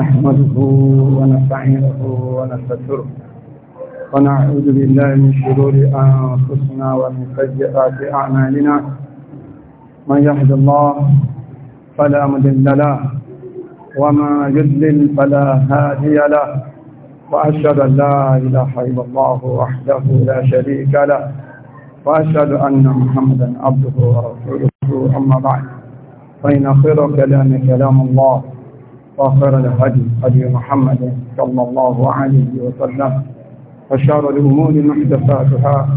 نحمده ونستعينه ونستغفره ونعوذ بالله من شرور أنفسنا ومن سيئات أعمالنا من يهد الله فلا مضل له وما يضلل فلا هادي له وأشهد أن لا إله إلا الله وحده لا شريك له وأشهد أن محمدا عبده ورسوله أما بعد فإن خير كلام كلام الله وخير الهدي هدي محمد صلى الله عليه وسلم وشار الأمور محدثاتها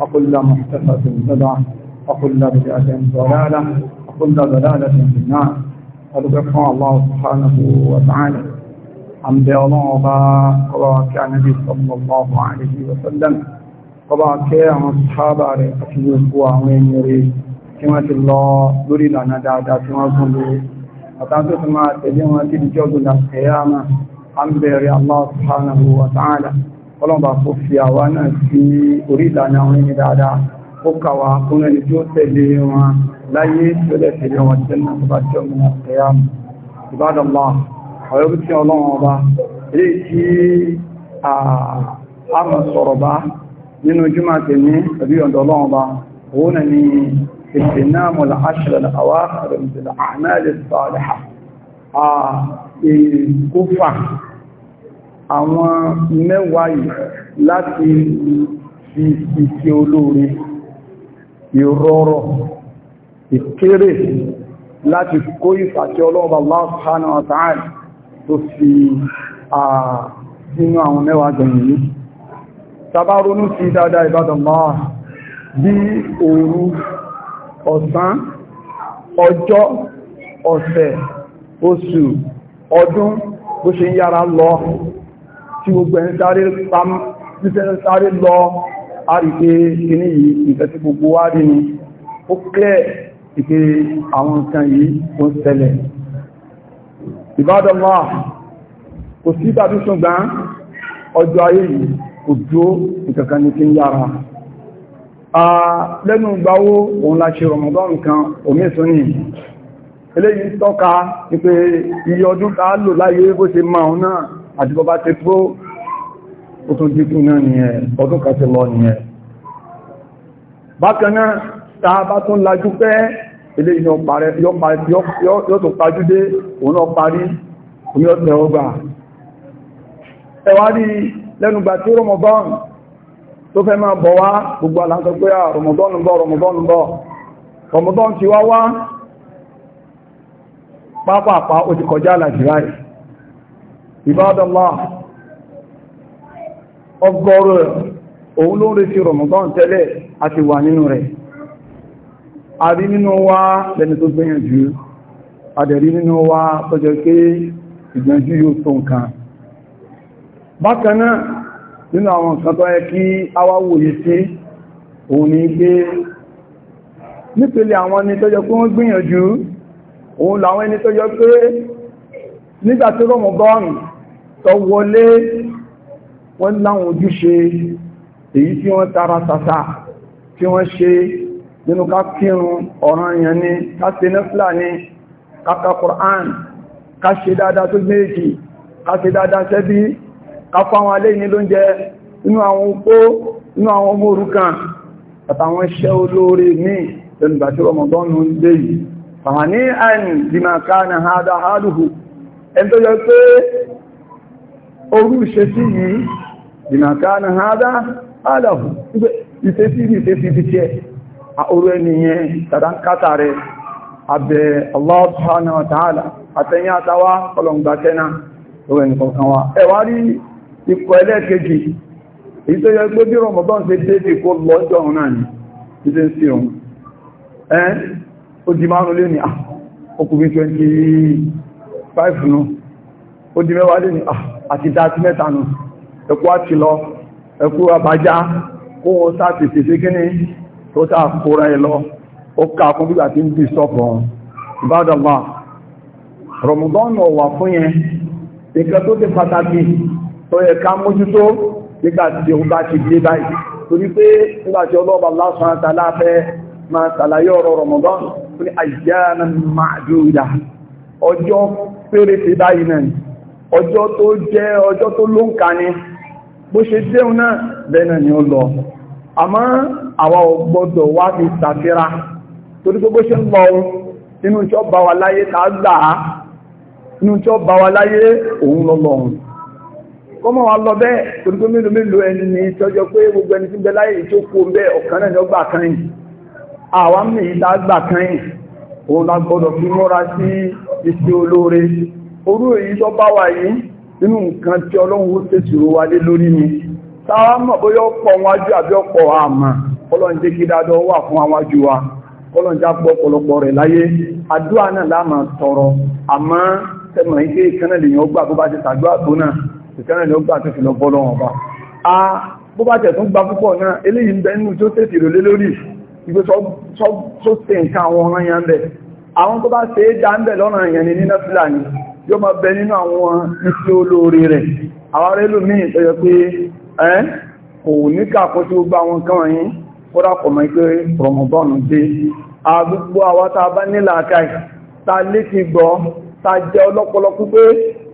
وكل محدثة بدعة وكل بدعة ضلالة وكل ضلالة في النار أرجو الله سبحانه وتعالى حمد الله وبارك على النبي صلى الله عليه وسلم وبارك على الصحابة رضي الله وعلى كما الله لنا دعاء كما àtàkùn tó máa tẹ̀lé wọn tí ìjọ gbọ́dọ̀ ẹ̀yàmà à bẹ̀rẹ̀ Allah subhanahu ta'ala ọlọ́mbà kó fi àwa náà sí orí ìlànà àwọn ẹni dáadáa ó kàwà kún ẹni tí ó tẹ̀lé wọn láyé tó lẹ̀ tẹ̀lé wọn tí ẹni tó bá jọ gbọ́dọ̀ ẹ̀yàmà ìbádọ́lá ọ̀yọ́ tí ọlọ́run ọba nínú jùmọ̀ tèmi ẹ̀bí ọ̀dọ̀ ọlọ́run ọba òun náà ni اغتنام العشر الأواخر بالأعمال الصالحة ìkúfà àwọn mẹ́wàá yìí láti fi ìṣẹ́ olóore ìrọrọ̀ ìkéré láti kó ìfàtí ọlọ́ọ̀bà Allah subhanahu wa ta'ala tó fi sínú àwọn mẹ́wàá gbẹ̀yìn yìí tàbá sí dáadáa ìbádọ̀lá bí òru ọ̀sán ọjọ́ ọ̀sẹ̀ oṣù ọdún bó ṣe yára lọ tí gbogbo ẹni sáré lọ a rí pé yìí ìfẹ́ tí gbogbo wá rí ni ó kẹ́ ìpé àwọn nǹkan yìí ó ń ṣẹlẹ̀ ìbádọ́lá kò sí tàbí ọjọ́ ayé yìí kò lẹ́nu ìgbàwó òun la ṣe Ramadan kan omi ìsúnni eléyìí tọ́ka wípé iye ọdún ká lò láyé bó ṣe máa náà àti bọ́bá ti tó ó tún dínkù náà nìyẹn ọdún kan ti lọ nìyẹn bákanáà ta bá tún lajú pẹ́ eléyìí yóò tó pàjúdé òun náà parí omi ọ̀tẹ̀ ọgbà ẹwà rí lẹ́nugbà tí Ramadan tó fẹ́ máa bọ̀ wá gbogbo àlàntọ́ pé à ah, rọmọdọ́nù bọ̀ rọmọdọ́nù rọmọdọ́nù ti wá wá pápápá ó ti kọjá àlàjìrá ìbádọ́lá ọgọ́rọ̀ òun ló ń retí rọmọdọ́nù tẹ́lẹ̀ àti wà nínú rẹ̀ nínú àwọn nǹkan tó yẹ kí awáwòye sí òun ní pé nípele àwọn ẹni tó jọ pé wọ́n gbìyànjú òun làwọn ẹni tó jọ pé nígbàtí Ramadan tó wọlé wọ́n láwọn ojúṣe èyí tí wọ́n tara sàtà tí wọ́n ṣe nínú ká kírun ọ̀ranyàn ni ká ṣe nẹ́fìlà ni ká ka dáadáa tó méjì ká ṣe dáadáa sẹ́bí káfọ́ àwọn alé ní lóúnjẹ inú àwọn opó inú àwọn ọmọ òrukàn àtàwọn iṣẹ́ olóore ní ẹnùgbà tí ń dé yìí fàání àìní dìmàká na ha hálùhù ẹn tó yẹ pé orú ìṣesí yìí na hádá hálùhù ìṣesí yìí ìṣesí ti ikọ̀ ẹlẹ́ẹ̀kejì èyí tó yẹ pé bí rọmọdán ṣe débi kó lọ́jọ́ ọ̀hún náà ni títí sí òun ẹ́ ó di márùn lé ní ọkùnrin ah, 25 ó di mẹ́wàá lé ní ah, àti dáti mẹ́ta nù ẹkú àti lọ ẹkú àbájá kó wọ́n ti tètè kí ní tó tà kóra ẹ lọ ó ká fún bí àti ń bí sọ́pọ̀ tó yẹ ká mójútó nígbà tí ó bá ti dé báyìí torí pé nígbà tí ọlọ́ọ̀bà lásán àtàlá fẹ́ máa ṣàlàyé ọ̀rọ̀ Ramadan fún àìyára màájúdà ọjọ́ péréte báyìí náà ọjọ́ tó jẹ́ ọjọ́ tó ló ń ka ní bó ṣe déun torí gbogbo ṣe ń lọ inú ìṣọ́ bá wa láyé ká gbà á inú ìṣọ́ bá wa láyé òun lọ́lọ́run kọ́mọ̀ wa lọ bẹ́ẹ̀ torí pé mélòó mélòó ẹni ní tọ́jọ́ pé gbogbo ẹni tí bẹ láyé tó kó bẹ́ẹ̀ ọ̀kan náà lọ gbà kan yìí àwọn mi ìta kan yìí òun la gbọ́dọ̀ fi múra sí iṣẹ́ olóore orú èyí tó bá wà yìí nínú nǹkan tí ọlọ́run ó tẹ̀sùrò wa ni táwa mọ̀ bóyá ọ̀pọ̀ àbí ọ̀pọ̀ àmà ọlọ́run jẹ́ wà fún wa já pọ̀ ọ̀pọ̀lọpọ̀ rẹ̀ láyé àdúrà náà láàmà tọrọ àmọ́ tẹmọ̀ ike ìkánná lèèyàn gbà bó bá ti ìtẹ́rẹ̀ ni ó gbà tó fi lọ bọ́lọ́ wọn bá a bó bá tẹ̀ tún gba púpọ̀ náà eléyìí ń bẹ nínú tó tètè rò lé lórí ìgbé tó tẹ̀ nǹkan àwọn ọ̀ràn yẹn bẹ̀ àwọn tó bá ṣe é dá ń bẹ̀ lọ́ràn yẹn ni nínú fúlàní yóò máa bẹ nínú àwọn iṣẹ́ olóore rẹ̀ àwọn ará ẹlòmíì tó yẹ pé ẹ́ kò ní kàkún tí ó gbá wọn kán yín kódà kọ̀ mọ́ pé rọmọbọ́ọ̀nù dé àgbogbo àwọn tá a bá nílà àkàì ta létí gbọ́ ta jẹ́ ọlọ́pọlọ pípé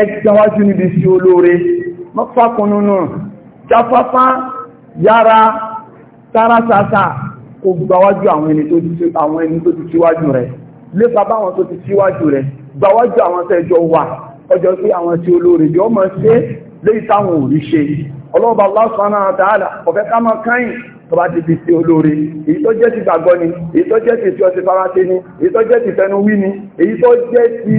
ẹgbẹ̀wájú níbi sí olóore mọ́fàkùnnù jáfáfá yára tárásásá kò gbàwájú àwọn ẹni tó ti síwájú rẹ̀ lépa báwọn tó ti síwájú rẹ̀ gbàwájú àwọn tẹ́jọ wà ọjọ́ sí àwọn tí olóore jọ mọ́ sí léìtàwọn òrí ṣe ọlọ́ọ̀bà lásánà àtàlà ọ̀fẹ́ ká mọ́ káyìn tó bá ti fi sí olóore èyí tó jẹ́ ti gbàgbọ́ ni èyí tó jẹ́ ti fi ọsẹ faraṣe ni èyí tó jẹ́ ti fẹnu wí ni èyí tó jẹ́ ti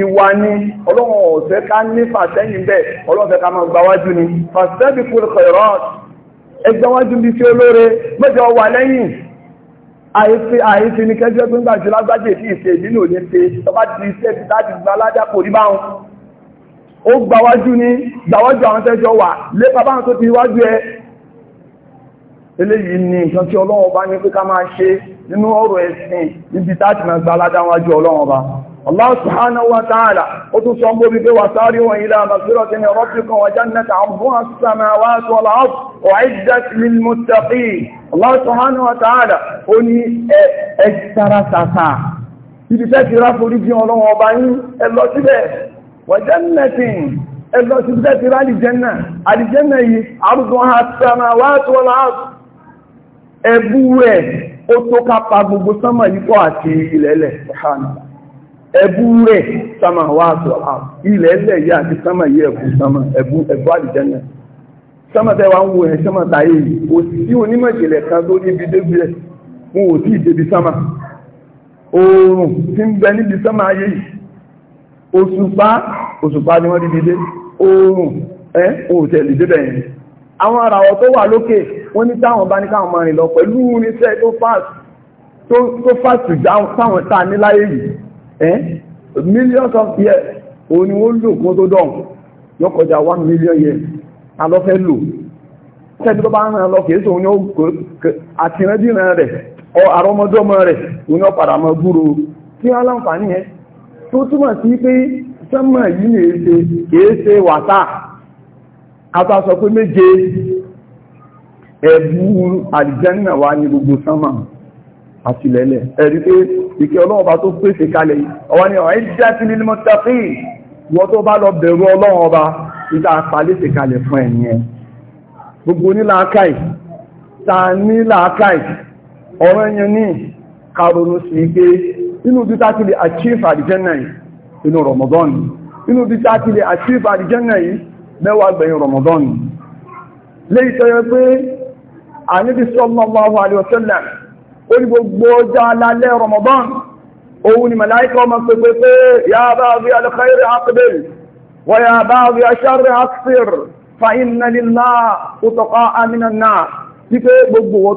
ìwà ni ọlọ́run ọ̀sẹ̀ ká ní fàṣẹ́yìn bẹ́ẹ̀ ọlọ́run fẹ́ ká máa gbáwájú ni fàṣẹ́bí kúrò kọ̀rọ̀ ẹgbẹ́wájú bí sí olóore mẹ́jọ wà lẹ́yìn àìsí àìsí ní kẹjọ́ tó ń gbàjú lágbàjẹ̀ tí ìṣe ìdínú ní ṣe tọba ti iṣẹ́ ti láti gba alájápò rí báhùn ó gbàwájú ní gbàwájú àwọn tẹ́jọ wà lé bàbá tó ti wájú ẹ eléyìí ni nǹkan tí ọlọ́wọ́ bá ní pé ká máa ṣe nínú ọ̀rọ̀ ẹ̀sìn níbi táti máa gba aládáwájú ọlọ́wọ́ bá Allah subhanahu wa ta'ala ó tún sọ mú wípé wà sáré wọn ilá àmàsírọ̀ tí ni rabbikum wa jannata àmúhún as-samawati wal ard u'iddat lil muttaqin Allah subhanahu wa ta'ala ó ní ẹ̀ẹ́sára sàtà ibi tẹ́ ti ráforí bí ọlọ́wọ́ bá yín ẹ lọ síbẹ̀ wa jannatin ẹ lọ síbẹ̀ ti rá àlìjẹ́nà àlìjẹ́nà yìí àrùdùn àtàmàwà tó láàrùn ẹbú ẹ̀ ó tó gbogbo sánmà yíkọ́ àti ilẹ̀ẹ́lẹ̀ ẹbú rẹ̀ sánmà wà àtọ̀ ah, ilẹ̀ẹ́lẹ̀ yí àti sánmà yí ẹ̀kú sánmà ẹbú ẹbú àdìjẹ́nà sánmà tẹ́wà ń wo ẹ̀ sánmà táyé yìí kò kan tó níbi débi ẹ̀ ò tí ì sánmà oòrùn ti ń bẹ níbi sánmà ayé òṣùpá òṣùpá ni wọ́n débi àwọn àràwọ̀ tó wà lókè wọ́n ní táwọn bá ní káwọn máa rìn lọ pẹ̀lú irinṣẹ́ tó fàṣù táwọn tà ní láyé yìí ẹ́ millions of years òun ni wọ́n lò kún tó dán yóò kọjá one million years alọ́fẹ́ lò tẹ́tí tó bá ń rìn lọ kìí sóun ní ó àtìrẹ́dìrẹ́ rẹ̀ ọ àrọmọdọ́mọ rẹ̀ òun yóò padà mọ́ gúrò kí wọ́n láǹfààní yẹn tó túmọ̀ sí pé sẹ́mọ̀ yìí kìí ṣe wàtáà àtàsọ pé méje ẹ̀bú àlìjẹ́nà wà ní gbogbo sánmà àti lẹ́lẹ̀ ẹ̀rí pé ìkẹ́ ọlọ́run ọba tó pèsè kalẹ̀ ọwá ní ọ̀rẹ́ jẹ́ sí nínú mọ́tàfí wọ́n tó bá lọ bẹ̀rù ọlọ́run ọba ìta àpàlẹ́sè kalẹ̀ fún ẹ̀yẹn gbogbo ní karonu sí pé inú bí tákìlẹ̀ achieve àlìjẹ́nà yìí inú Ramadan inú bí tákìlẹ̀ achieve àlìjẹ́nà yìí mẹ́wàá gbẹ̀yìn Ramadan léyìí tó yẹ pé àníbi sallallahu alaihi wasallam ó ní gbogbo ọjọ́ alálẹ́ Ramadan òun ni màláíkà ọmọ pẹ̀pẹ̀ pé ya ba'di al-khayri aqbil wa ya ba'di ash-sharri aqsir fa inna lillahi utqa'an minan nar wípé gbogbo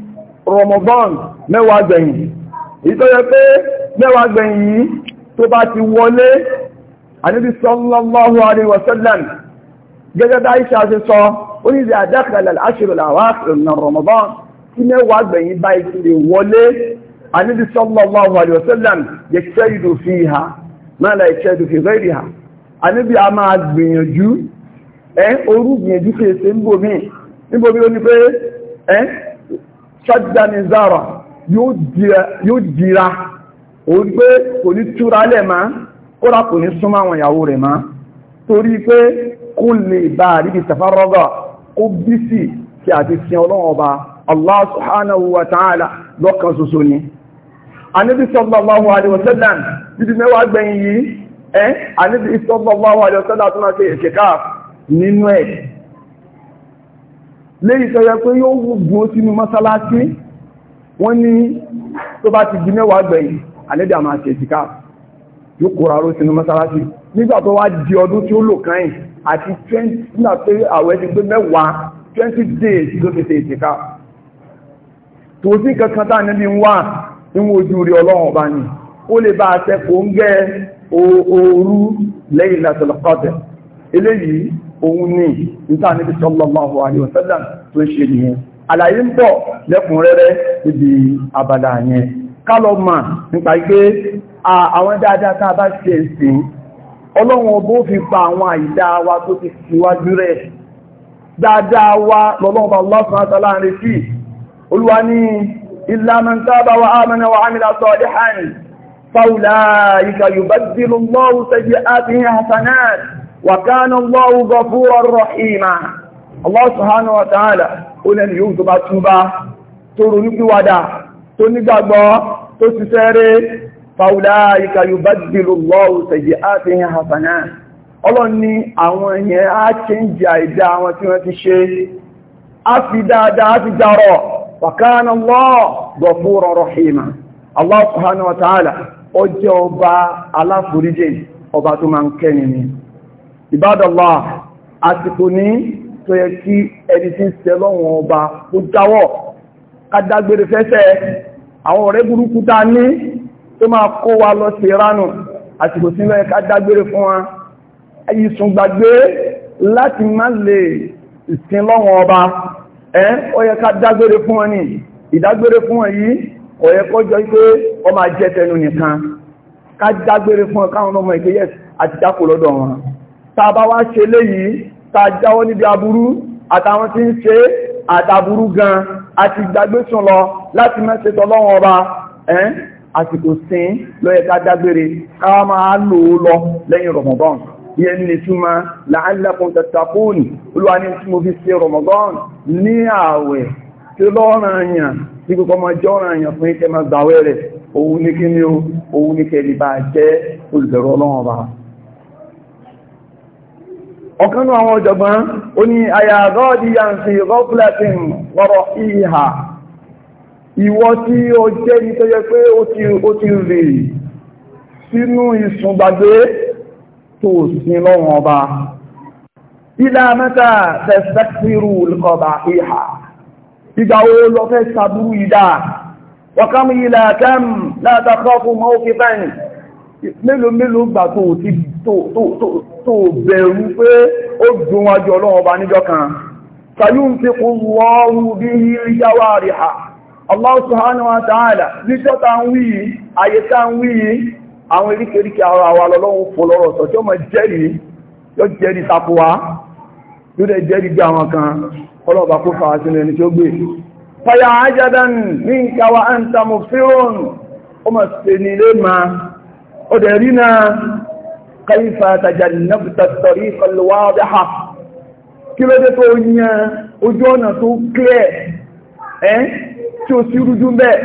Ramadan mẹ́wàá gbẹ̀yìn èyí tó yẹ pé mẹ́wàá gbẹ̀yìn yìí tó bá ti wọlé àníbi sallallahu alaihi wasallam gẹ́gẹ́ bá iṣẹ́ àṣẹ sọ oníṣẹ́ àdákàlẹ̀ àṣírò àwáàkìrì na Ramadan tí mẹ́wàá gbẹ̀yìn bá ìkìlẹ̀ wọlé àníbi sallallahu alaihi wasallam yajtahid fiha ma la yajtahid fi ghayriha àníbi a máa gbìyànjú ẹ́ orú gbìyànjú kèèsè ń bòmí níbòmí ṣọ́dánizọ́rọ̀ yóò dira o pé kò ní túra lẹ̀ máa kóra kò ní súnmọ́ àwọn ìyàwó rẹ̀ máa torí pé kó lè bá àríbi tàfárọ́gọ̀ ó bí sí kí àti sin ọlọ́run ọba Allah subhanahu wa ta'ala lọ́kan ṣoṣo ni anibi sallallahu alaihi wasallam bíbi mẹ́wàá gbẹ̀yìn yìí ẹ́ anibi sallallahu alaihi wasallam tó máa ṣe ìṣẹ́káà nínú ẹ̀ léyìí tọ́jọ́ pé yóò wùgbùn sínú mọ́sálásí wọ́n ní tó bá ti di mẹ́wàá gbẹ̀yìn àlẹ́dẹ̀ àmà àti ètìká yóò kóra ró sínú mọ́sálásí nígbà tó wá di ọdún tí ó lò kan yìí àti 20 nígbà pé àwẹ̀ ti gbé mẹ́wàá 20 days ló fi ṣe ètìká tó sí kankan tá níbi ń wà níwọ̀n ojú rí ọlọ́run ọba ni ó lè bá aṣẹ́kọ̀ọ́ ń gẹ́ ooru lẹ́yìn látọ̀lọ́kọ̀tẹ̀ eléyìí òun ní ìtànibí sallallahu alaihi wasallam tó ṣe nìyẹn àlàyé ń bọ̀ lẹ́kùnrẹ́rẹ́ níbi abala yẹn kálọ̀ mà nípa pé àwọn dáadáa tá a bá ṣe ìsìn ọlọ́run ọbó fi pa àwọn àìdá tó ti síwájú rẹ̀ dáadáa wa وكان الله غفورا رحيما الله سبحانه وتعالى ó lẹ́nu yóò tó bá túbá tó ronúpìwàdà tó nígbàgbọ́ tó ti sẹ́rẹ́ fàúláìka yubaddilu Allahu sayyi'atihim hasanat ọlọ́run ní àwọn yẹn á change àìdá àwọn tí wọ́n ti ṣe á fi dáadáa ti jarọ̀ wa kana Allahu ghafuran rahima Allah subhanahu wa ta'ala ó jẹ́ ọba aláforíjì ọba tó máa ń ni Ibadallah àsìkò ní tó yẹ kí ẹni tí ń ṣe lọ́wọ́n ọba tó jáwọ́ kádágbére fẹ́fẹ́ àwọn ọ̀rẹ́ burúkú ta ní tó máa kó wa lọ sí ìránù àsìkò sí lọ́yẹ kádágbére fún wa ẹ̀yí sùn gbàgbé láti má lè ìsìn lọ́wọ́n ọba ẹ́ ó yẹ ká fún wọn ní ìdágbére fún wọn yìí ó yẹ kọjọ́ pé ó máa jẹ́ tẹnu nìkan ká fún ọ káwọn ọmọ ìgbéyẹ̀ àti dákò lọ́dọ̀ wọn tàbá wá ṣe léyìí tà jáwọ́ níbi aburú àtàwọn tí ń ṣe àtàburú gan àti gbàgbé sùn lọ láti mẹ́sẹ̀ tọ́lọ́wọ́n ọba ẹ́n àsìkò sín lọ́yẹ ká dágbére káwà máa lò ó lọ lẹ́yìn Ramadan yẹn ni túnmọ́ la'allakum tattaqun olúwa ní tí mo fi ṣe Ramadan ní ààwẹ̀ tí lọ́rọ̀ àyàn ọ̀kan ní àwọn ọ̀jọ̀gbọ́n ó ní àyàgọ́ọ̀dì yànsì rọ́pùlẹ̀tìn wọ́rọ̀ ìhà ìwọ tí ó jẹ́ ní tó yẹ pé ó ti rì sínú ìsùngbàgbé tó sin lọ́wọ́n ọba ilá mẹ́ta tẹ̀sẹ̀kìrù lọ́ba ìhà ìgbà wo lọ sàbúrú ìdá wọ́kàmù ilẹ̀ kẹ́m látàkọ́ fún mọ́ mélòó mélòó gbà tó ti tó bẹ̀rù pé ó dùn wájú ọlọ́run ọba kan sayún ti kún wọ́rú bí i yáwà rí ha Allah subhanahu wa ta'ala níjọ́ ta ń wí ayé ta ń awa àwọn eríkèríkè ara wa ma fòlọ́rọ̀ sọ tí ó mọ̀ kan أدرنا كيف تجنبت الطريق الواضحة كيف تتونيا أجونا توكلي ẹ́ tí ó sí rújú mẹ́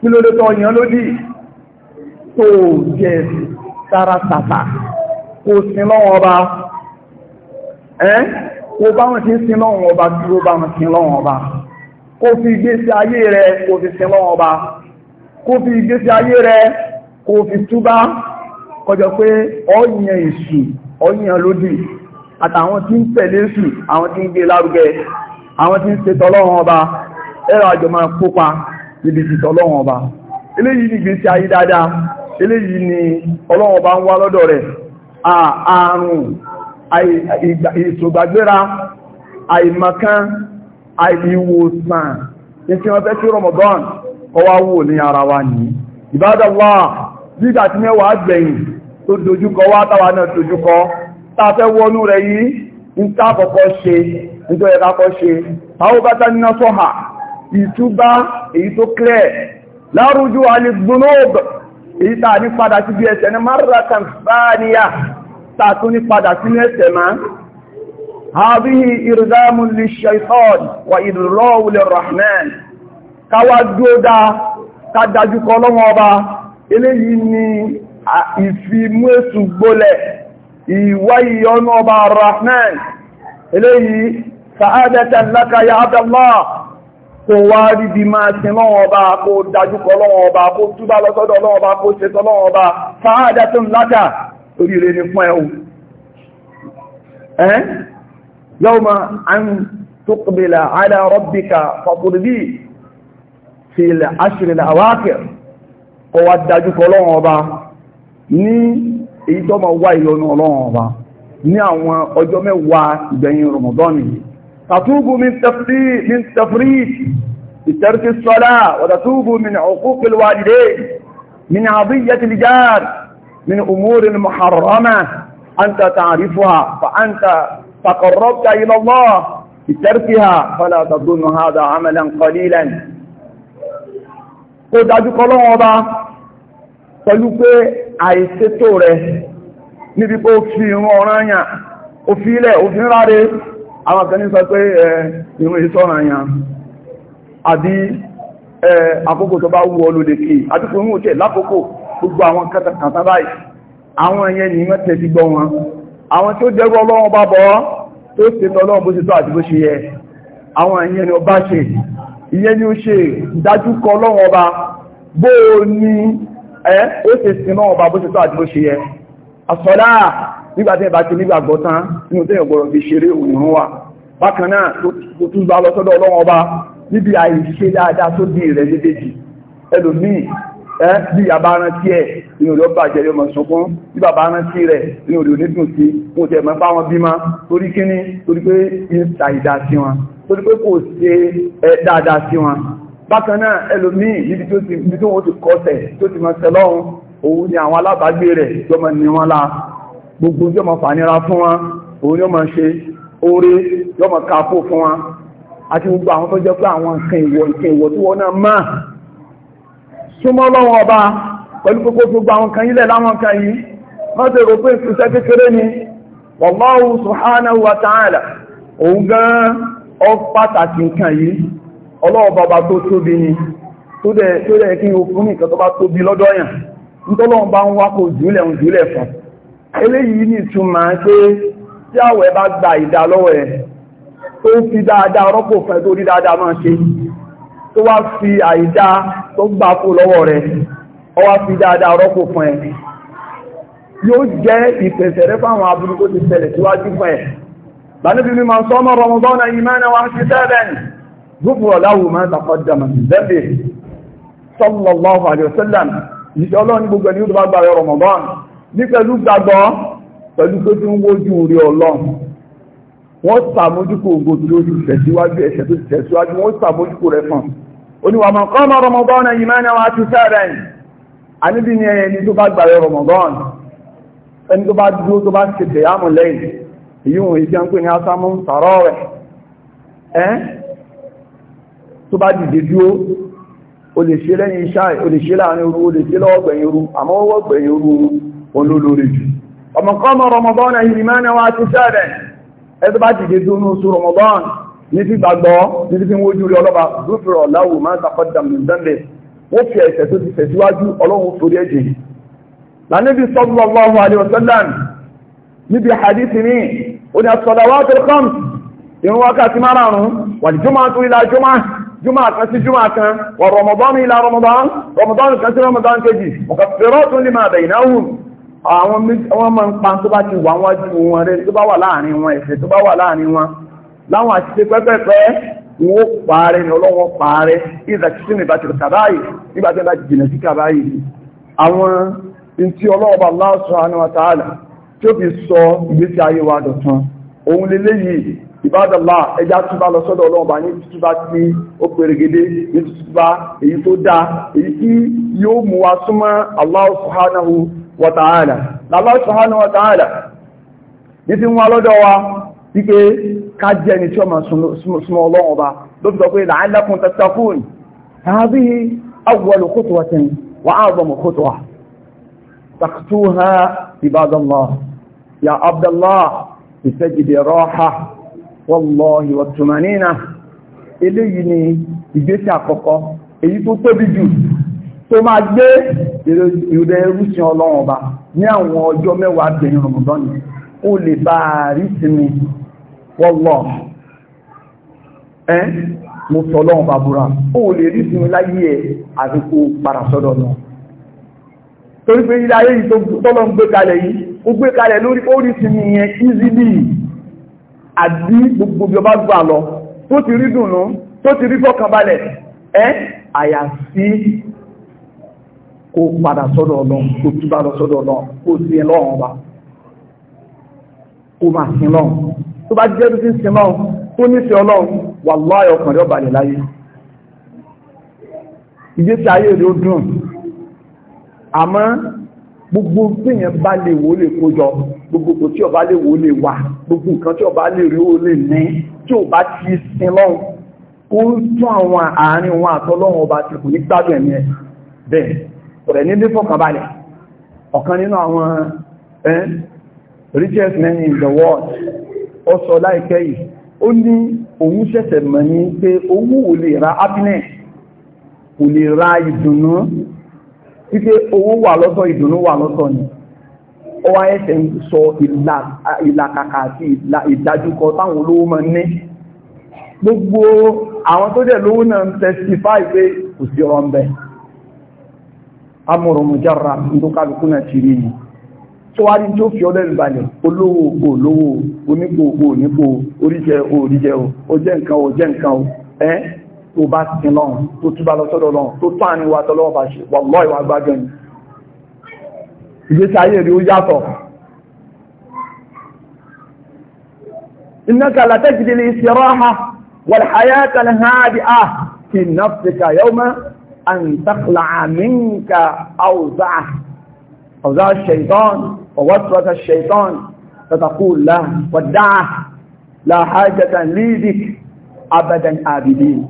kí ló lè tọ ọ̀yàn lódí tó jẹ́ tààràtàtà kò sin lọ́wọ́ ọba ẹ́ kò bá lọ́wọ́ ọba kò fi ìgbésí ayé rẹ̀ kó fi túbá kọjọ pé ọ̀yàn èṣù ọ̀yàn lódì àtàwọn tí ń tẹ̀lé èṣù àwọn tí ń gbé lárugẹ àwọn tí ń ṣe tọ́lọ́wọ́n ọba ẹ̀rọ àjọ máa kópa níbi ti tọ́lọ́wọ́n ọba eléyìí ni gbèsè ayé dáadáa eléyìí ni ọlọ́wọ́n ọba tí wọ́n ọwá wò ní ara wa nìí ìbádàlá nígbà tí mẹ́wàá gbẹ̀yìn tó dojúkọ wá táwa náà dojúkọ tàfẹ́ wọnú rẹ̀ yìí ń tàkọ́kọ́ ṣe nítorí ẹ̀kọ́kọ́ ṣe àwọn bá tánínà sọ́hà ìtúbá èyí tó clear lárújú alìgbónóòb èyí tàà ní padà sí bí ẹsẹ̀ ní márùn-ún báníyà tàà tún rahman káwàá dúó dáa ká dájú kọ́ lọ́wọ́ ọba eléyìí ni ìfimú èsù gbólẹ̀ ìwá ìyọnú ọba rahman eléyìí sa'adatan laka ya abdallah kò wá ríbi máa sin lọ́wọ́ ọba kò dájúkọ lọ́wọ́ ọba kò túbá lọ́sọ́dọ̀ lọ́wọ́ ọba kò ṣetọ́ lọ́wọ́ ọba sa'adatan laka oríire ni fún ẹ̀hù ẹ́n yawma an kọ wá dájúkọ ọlọ́run ọba ní èyí tó ma wá ìyọnu ọlọ́run ọba ní àwọn ọjọ́ mẹ́wàá ìgbẹ̀yìn rọmọdọ́nì tàtúbù min tafrit ìtẹ́rìkì sọ́lá wàtàtúbù min uquqil walidayn min adiyyatil jar min umuril muharrama anta ta'rifuha fa anta taqarrabta ila Allah ìtẹ́rìkìha pẹ̀lú pé àìsétò rẹ̀ níbi pé ó fi irun ọ̀ràn yàn ó fi ilẹ̀ òfin ráre àwọn kan ní sọ pé irun ìsọ́ràn yàn àbí àkókò tó bá wù ọ kí àti kò mú lákòókò gbogbo àwọn kàtàkàtà báyìí ni wọ́n tẹ̀sí gbọ́ wọn àwọn tó jẹ́gbọ́ ọlọ́run bá ni ọba ṣe ìyẹn ni ó ṣe ìdájúkọ ọlọ́run ẹ́ ó sì sin náà ọba bó ti tọ́ àti bó ṣe yẹ àsọ̀lá nígbàtí ẹ̀bá ti nígbàgbọ́ tán nínú tẹ́yàn gbọ́rọ̀ fi ṣeré òun ìrún wà bákan náà tó tún bá lọ sọ́dọ̀ ọlọ́wọ́n ọba níbi àìṣe dáadáa tó di rẹ̀ méjèèjì ẹlòmíì ẹ́ bí àbá rántí ẹ̀ inú rẹ̀ bàjẹ́ yọmọ sunkún bí bàbá rántí rẹ̀ inú rẹ̀ onídùn sí kò tẹ̀ mọ́ bá wọn bímọ torí kíní torí pé ń ta ìdá sí wọn torí pé kò ṣe dáadáa sí wọn bákan náà ẹlòmíì níbi tó ti níbi tó wọ́n ti kọsẹ̀ tó ti máa tẹ lọ́run òun ni àwọn alábàágbé rẹ̀ jọmọ ní wọn la gbogbo jọmọ fànira fún wọn òun ni ó máa ṣe oore jọmọ káfó fún wọn àti gbogbo àwọn tó jẹ́ pé àwọn nǹkan ìwọ̀ nǹkan ìwọ̀ tí wọ́n náà máa súnmọ́ lọ́wọ́ ọba pẹ̀lú gbogbo gbogbo àwọn kan ilẹ̀ láwọn kan yìí mọ́tẹ̀ rò pé ìfúnṣẹ́ kékeré ni Wallahu subhanahu wa ta'ala òun gan ọ pàtàkì nǹkan yìí ọlọ́wọ́ bàbá tó tóbi ni tó dẹ̀ kí o fún nìkan tó bá tóbi lọ́dọ̀ yàn nítọ́lọ́wọ́ bá ń wákò jùlẹ̀ ń jùlẹ̀ fún eléyìí ní ìtumọ̀ pé tí àwẹ̀ bá gba ìdá lọ́wọ́ ẹ̀ tó fi dáadáa rọ́pò fẹ́ tó rí dáadáa máa ṣe tó wá fi àìdá tó gbà kó lọ́wọ́ rẹ̀ ọ wá fi dáadáa rọ́pò fún ẹ yóò jẹ́ ìpẹ̀sẹ̀rẹ́ fáwọn aburú tó ti ṣẹlẹ̀ síwájú fún ẹ̀ lánàbí mi máa sọ́mọ́ rọmọdọ́nà ìmánà wá sí sẹ́bẹ̀ni غفر له ما تقدم من ذنبه صلى الله عليه وسلم ìjọlọ́ni gbogbo ẹni yóò gbàgbà Ramadan ní pẹ̀lú gbàgbọ́ pẹ̀lú pé tí ń wójú orí ọlọ́run wọ́n sàmójúkò ògbò tí ó ti tẹ̀síwájú ẹ̀ṣẹ̀ tó ti tẹ̀síwájú wọ́n sàmójúkò rẹ̀ fún oníwà man qama Ramadan imanan wa ihtisaban àníbi ni ẹni tó bá gbàgbà Ramadan ẹni tó bá dúró tó bá ṣe lẹ́yìn èyí òun ìjẹun pé ní asámú sàrọ́ rẹ̀ tó bá dìde dúó o lè ṣe lẹ́yìn iṣẹ́ o lè ṣe láàrin òru o lè ṣe lọ́wọ́gbẹ̀yìn òru àmọ́ wọ́gbẹ̀yìn òru olólórí jù ọmọ kọ́mọ Ramadan ẹ̀yìn mẹ́rin wá ti ṣẹ́rẹ̀ ẹ̀tọ́ bá dìde dúó ní oṣù Ramadan ní ti gbàgbọ́ ní ti fi ń wójú rí ọlọ́ba rúfèrè ọ̀láwò máa ń tàkọ́dà mìírànlẹ̀ wọ́n fi ẹ̀ṣẹ̀ tó ti tẹ̀síwájú ọlọ́run forí ẹ̀jẹ̀ lànàbí márùn-ún wal jumu'atu ila jumu'ah jùmọ̀ kan sí jùmọ̀ kan wà rọmọdán ilá rọmọdán rọmọdán kan sí rọmọdán kejì mọ̀kànlélọ́ tún lè máa bẹ̀yìn náà hùn àwọn wọ́n máa ń pa tó bá ti wà wọ́n ju wọn rẹ̀ tó bá wà láàrin wọn ẹ̀ṣẹ̀ tó bá wà láàrin wọn láwọn àṣìṣe pẹ́pẹ́pẹ́ wọn ó pààrẹ ni ọlọ́wọ́ pààrẹ ìdàkísí ní ìbátìrì kàbáyì ìbádọ́lá ẹja túbá lọ sọ́dọ̀ ọlọ́ọ̀bá ní túbá tí ó pèrègede ní túbá èyí tó dáa èyí tí yóò mú wa súnmọ́ Allah subhanahu wa ta'ala Allah subhanahu wa ta'ala ní ti wọ́n lọ́dọ̀ wa wípé ká jẹ́ ẹni tí ó máa súnmọ́ ọlọ́ọ̀bá ló fi sọ wallahi wa tumanina eléyìí ni ìgbésẹ̀ àkọ́kọ́ èyí tó tóbi jù tó máa gbé ìrẹ̀ ẹrúsìn ọlọ́run ọba ní àwọn ọjọ́ mẹ́wàá gbẹ̀yìn Ramadan ni ó lè bá rí sinmi wọ́lọ́ ẹ́ mo sọ lọ́wọ́n bàbúrà ó lè rí sinmi láyé ẹ̀ àti kó padà ilé ayé yìí tó gbé kalẹ̀ yìí ó gbé kalẹ̀ lórí ó rí sinmi àbí gbogbo bí ọba gbà lọ tó ti rí dùnú tó ti rí fọ́kànbalẹ̀ ẹ́ àyàfi kó padà sọ́dọ̀ ọlọ́run kó túbà lọ sọ́dọ̀ ọlọ́run kó sí ẹ lọ́rùn ọba kó máa sin lọ́run tó bá jẹ́ tó ti sin lọ́run tó nífẹ̀ẹ́ ọlọ́run wà láàyè ọkàn rẹ̀ ọbalẹ̀ láyé ìgbésí ayé rẹ̀ ó dùn àmọ́ gbogbo tí bá lè wò lè kó jọ gbogbo kò tí ọba lè wò lè wà gbogbo nǹkan tí ọba lè rí ó lè ní tí ò bá ti sin lọ́hùn ó ń tún àwọn àárín wọn àtọ́lọ́hùn ọba ti kò ní gbádùn ẹ̀mí ẹ̀ bẹ́ẹ̀ ọ̀rẹ́ ní ní fọkànbalẹ̀ ọ̀kan nínú àwọn richest men in the world ó sọ láìpẹ́ yìí ó ní òun ṣẹ̀ṣẹ̀ mọ̀ ní pé owó ò lè ra happiness kò lè ra ìdùnnú wípé owó wà lọ́tọ̀ ìdùnnú wà lọ́tọ̀ ni ó wá ẹsẹ̀ ń sọ ìlàkàkà àti ìdájúkọ táwọn olówó máa ní gbogbo àwọn tó dẹ̀ lówó náà ń testify pé kò sí ọ̀rọ̀ ń bẹ amúrùmùjára tó kálukú náà ti rí ni tó wá ní tí ó fi ọlẹ́rìn balẹ̀ olówó ògbò olówó onípo ògbò onípo oríjẹ oríjẹ o ó jẹ́ nǹkan o nǹkan o ẹ́ tó bá sin lọ́run tó túbá lọ sọ́dọ̀ lọ́run tó tó àníwá wà lọ́ ìgbésí ayé rí ó yàtọ̀. إنك لا تجد الاستراحة والحياة الهادئة في نفسك يوم أن تخلع منك أوزع أوزع الشيطان ووسوس الشيطان فتقول لا ودعه لا حاجة لي بك أبدا آبدين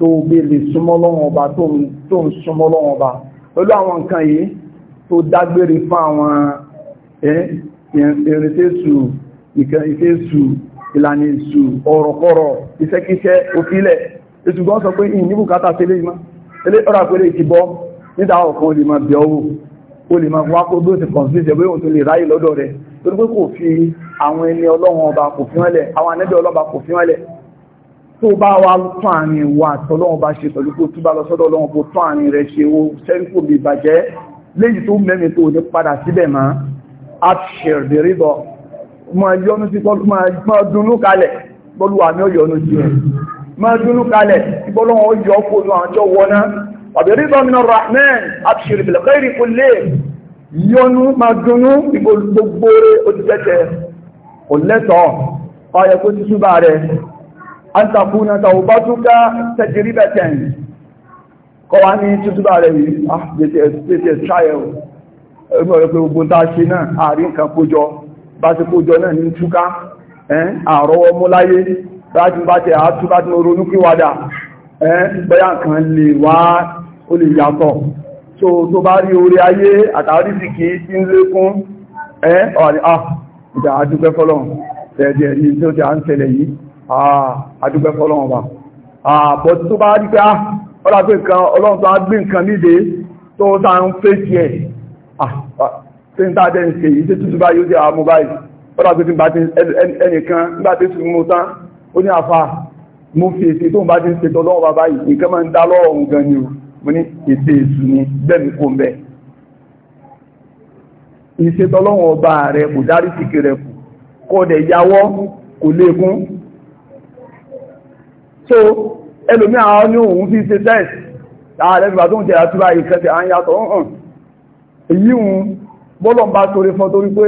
tó bèèrè súnmọ́ lọ́wọ́ ọba tó ń súnmọ́ lọ́wọ́ ọba pẹ̀lú àwọn nǹkan yìí tó dágbére fún àwọn ìrìnṣẹ́sù ìkẹrìnṣẹ́sù ìlànà ìsù ọ̀rọ̀kọ́rọ̀ iṣẹ́kíṣẹ́ òfílẹ̀ ìṣùgbọ́n sọ pé ìní bùkátà tẹ́lé ìmá tẹ́lé ọ̀rọ̀ àpẹẹrẹ ìtìbọ́ níta ọ̀kan olè máa bẹ̀ ọwọ́ olè máa wá kó bí ó ti kọ̀nsíṣẹ́ ẹgbẹ́ òun tó lè ráyè lọ́dọ̀ rẹ̀ torí pé kò fi àwọn ẹni ọlọ́run ọba kò fi wọ́n lẹ̀ àwọn anẹ́bẹ̀ ọlọ́ba kò fi wọ́n lẹ̀ tó bá wá tún àárín wa àtọ́lọ́run bá ṣe pẹ̀lú kó túbá lọ sọ́dọ̀ ọlọ́run kó tún àárín rẹ̀ ṣe owó sẹ́ríkò bí ìbàjẹ́ léyìí tó mẹ́rin tó ní padà síbẹ̀ máa àṣẹ̀rẹ̀ ríbọ̀ máa yọnú sí máa dúnú kalẹ̀ bọ́lúwà ní ọ̀yọ́nú sí ẹ̀ máa dúnú kalẹ̀ ìbọ́lọ́wọ́ yọ kó ní àjọ wọná àbẹ̀rí bọ́mìnà rahman àṣẹ̀rẹ̀ bìlẹ̀kẹ́rì kò lè yọnú máa dúnú gbogbo òtítẹ́tẹ́ kò lẹ́tọ̀ọ́ ọyẹ kọ́ wá ní tútúbà rẹ̀ yìí pẹ̀tẹ̀ trial ẹgbẹ́ ọ̀rẹ́ pé gbogbo tá a ṣe náà àárín nǹkan kójọ bá ti kójọ náà ní túká àrọwọ́ mú láyé bá ti bá ti àátú bá ti ronú kíwádà bẹ́yà kan lè wá ó lè yàtọ̀ tó tó bá rí orí ayé àtàrí sì kí tí ń ah ìjà àdúgbẹ́ fọ́lọ́run tẹ̀ẹ̀dẹ̀ ní tó ti à àbọ̀ ah, ah, tó bá rí pé ah ọlọ́pẹ́ nǹkan ọlọ́run tó á gbé nǹkan níde tó ń sáà ń fèsì ẹ̀ tí ń tàbí ẹni ṣèyí tí tútù bá yóò jẹ́ àmú báyìí ọlọ́pẹ́ tí ẹnìkan nígbà tí sùn mú tán ó ní àfà mú fi èsì tó ń bá ti ń ṣètò lọ́wọ́ bàbá yìí nǹkan máa ń dá lọ́rùn gan ni mo ní ètè èsù ni bẹ́ẹ̀ kò ń bẹ̀ ìṣètò lọ́wọ́ ọba rẹ̀ kò dárí síkì rẹ̀ kù kó dẹ̀ yáwọ́ kò lékún so ẹlòmí àwọn ní òun fi ṣe tẹ́ẹ̀sì láàrẹ́bìbà tó ń jẹ́ àtúbà ìkẹtẹ̀ àyàtọ̀ ọ̀hàn èyí un bọ́lọ̀ bá torí fún torí pé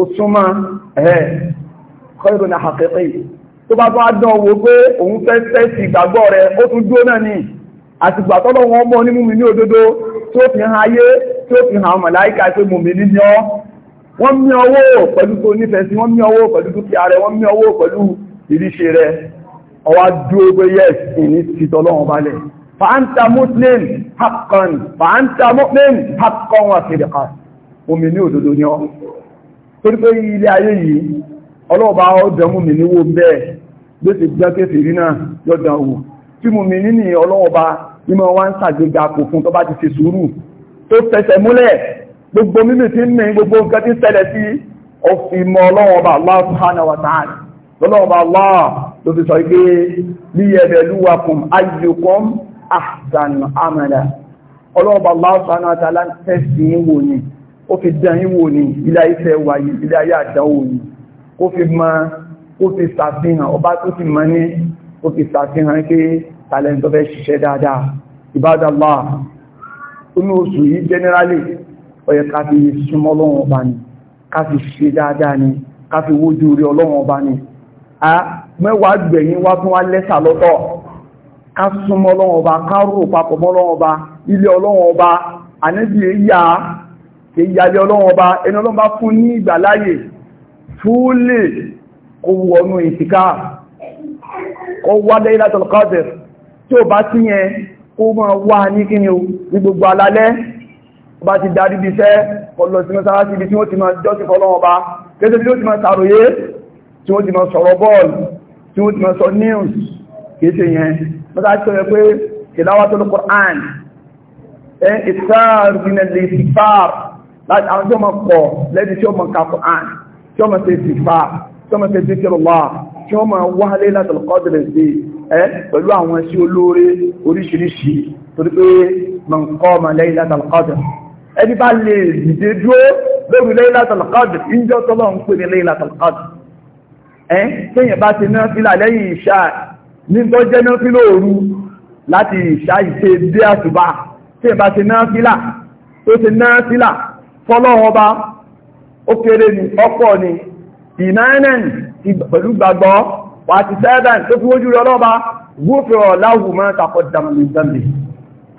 ó súnmọ́ ẹ̀ kọ́ìrò ní àkẹ́kẹ́ tó bá tó dán owó pé òun fẹ́ tẹ́ẹ̀sì ìgbàgbọ́ rẹ̀ ó tún jó náà ni àtìgbà tọ́lọ̀ wọn mọ́ ní múmi ní òdodo tí ó fi hàn ayé tí ó fi hàn màláìka pé mùmí ní ni ọ́ wọ́n mí ọwọ́ pẹ̀lú tó nífẹ̀ẹ́ sí wọ́n mí ọwọ́ pẹ̀lú dúkìá rẹ̀ wọ́n mí ọwọ́ pẹ̀lú ìríṣẹ́ rẹ̀ ọwá dúó pé yes ìní títọ́ lọ́wọ́ balẹ̀ fa'anta muslim haqqan fa'anta mu'min haqqan wa sirqa omi ní òdòdó ní ọ́ torí pé ilé ayé yìí ọlọ́ọ̀bá ọdẹ̀mú mi níwó bẹ́ẹ̀ ló ti gbá kéfèrí náà yọ́dán wò tí mo mi níní ọlọ́ọ̀bá ìmọ̀ wá ń sàgbéga kò fún tó bá ti fi Allah ló fi sọ pé liyabluwakum ayyukum ahsanu amala ọlọ́ọ̀bà láàrín àtàlá tẹ́sìn wò ní ó fi dán ìwò ní ilé ìfẹ́ wáyé ilé ayé àdánwò ní kó fi mọ́ kó fi sàfihàn ọba tó fi mọ́ ní kó fi sàfihàn pé tàlẹ́ntọ́ fẹ́ ṣiṣẹ́ dáadáa ìbádàlá inú oṣù a mẹ́wàá gbẹ̀yìn wá tún wá lẹ́sà lọ́tọ̀ ká súnmọ́ ọlọ́wọ́n ọba ká rò papọ̀ mọ́ ọlọ́wọ́n ọba ilé ọlọ́wọ́n ọba àníbi èyà èyàlẹ́ ọlọ́wọ́n ọba ẹni ọlọ́wọ́n bá fún ní ìgbàláyè fúlè kó wọnú ìtìká kó wá Laylatul Qadr tí wá ní kíni ọba ti darí bí iṣẹ́ ọlọ́sìn mọ́sára sí ibi tí wọ́n ó ti máa sàròyé tí wọ́n ti máa sọ̀rọ̀ bọ́ọ̀lù tí wọ́n ti máa sọ news kìí ṣe yẹn mọ́ta ti sọ̀rọ̀ pé ìlàwà tó lọ́kọ̀ àn ẹ́ ìsáàrù ní ẹ̀lẹ́ ìsìfàr láti àwọn tí ó máa pọ̀ lẹ́ni tí ó máa kàkọ̀ àn tí ó máa ṣe ìsìfàr tí ó máa ṣe ìsìfàr tí ó lórí lẹ́yìn láti lọ́kọ̀dẹ̀ tọ́lọ́ ń pè ní lẹ́yìn láti ẹ́ tẹ́yìn bá ti náà fílà lẹ́yìn ìṣà ní tó jẹ́ náà fílà òru láti ìṣà ìṣe dé àsùbá tẹ́yìn bá ti náà fílà tó ti náà fílà fọ́lọ́wọ́ bá ó kéré ní ọ̀pọ̀ ní ìnáẹ́nẹ̀n pẹ̀lú gbàgbọ́ wà ti sẹ́ẹ̀dẹ̀n tó fi wójú rọlọ́ba gúfèrò láhùmọ́ tàkọ̀ dàmàlìdàmì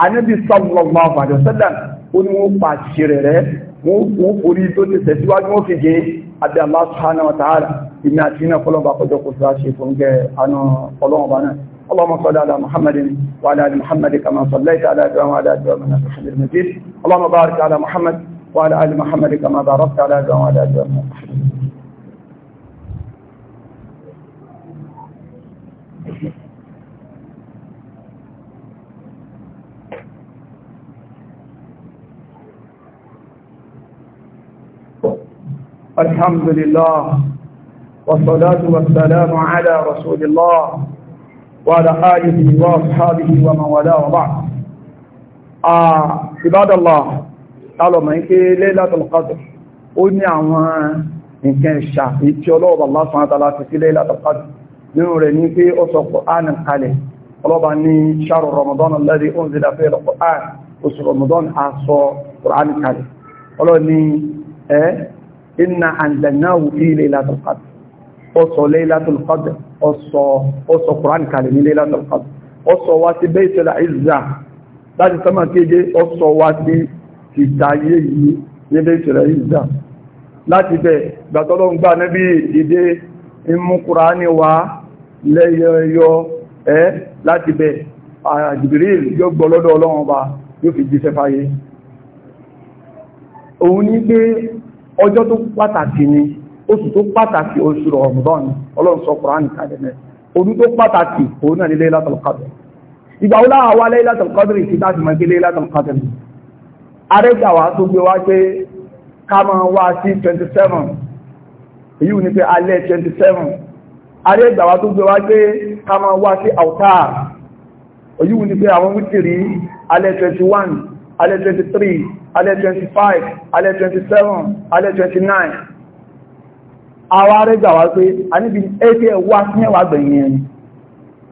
anábì sallallahu alaihi wasallam ó ní wọ́n pàṣẹ rẹ̀ rẹ̀ wọ́n forí tó ti tẹ̀síwájú wọ́n fi gẹ́ abẹ́ Allah subhanahu wa ta'ala ìmì àti iná fọ́lọ́bà kọjọ kò sáà ṣe fún gẹ àna ọlọ́ọ̀bá náà اللهم صل على محمد وعلى ال محمد كما صليت على ابراهيم وعلى ال ابراهيم انك حميد مجيد اللهم بارك على محمد وعلى ال محمد كما باركت على ابراهيم وعلى ال ابراهيم الحمد لله والصلاة والسلام على رسول الله وعلى آله وأصحابه ومن والاه وبعد عباد الله قالوا ما يكي ليلة القدر قلني عوان إن كان الشعبي تيولوب الله سبحانه وتعالى في ليلة القدر نورني في أصل القرآن القليل قلوبا أني شهر رمضان الذي أنزل فيه القرآن أصل رمضان أصل القرآن القليل قالوا أني إيه إنا أنزلناه في ليلة القدر ọsọ Laylatul Qadr ọsọ Quran kalẹ̀ ní Laylatul Qadr ọsọ wá sí Baytul Izza láti sọ́mà kéje ọsọ wá sí ìtàyé yìí ní Baytul Izza láti bẹ̀ gbàtọ́lọ́ ń gbà níbi ìdíde imú Quran wá lẹ́yọyọ ẹ́ láti bẹ̀ Jibril yóò gbọ́ òun ní pé ọjọ́ tó pàtàkì ni oṣù tó pàtàkì oṣù Ramadan ọlọ́run sọ Kùránì kalẹ̀ mẹ́ oṣù tó pàtàkì òun náà ní Laylatul Qadr ìgbà wo láwa wá Laylatul Qadr sí láti mọ̀ pé Laylatul Qadr arẹ́gbàwá tó gbé wá pé ká máa wá sí 27 èyí ni pé alẹ́ 27 arẹ́gbàwá tó gbé wá pé ká máa wá sí autar èyí ni pé àwọn wítìrí alẹ́ 21 alẹ́ 23 àwọn arẹ́gbà wá pé a níbi ẹ́kẹ́ wá sí ẹwà gbẹ̀yìn ẹni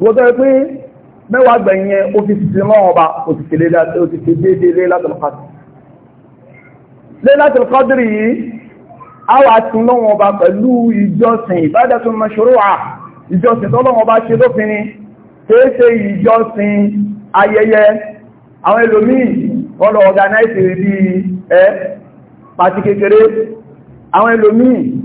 wọ́n tẹ́ pé mẹ́wàá gbẹ̀yìn ẹ ó fi ṣiṣẹ́ lọ́wọ́ ọba òṣìṣẹ́ Lailatul Qadri yìí a wà tún lọ́wọ́ ọba pẹ̀lú ìjọsìn ìbádẹ́tún mashru'a ìjọsìn tọ́lọ́wọ́ ọba ṣe lófin ni kéèṣe ìjọsìn ayẹyẹ àwọn ẹlòmíì wọ́n lọ organize bí ẹ́ pàtí kékeré àwọn ẹlòmíì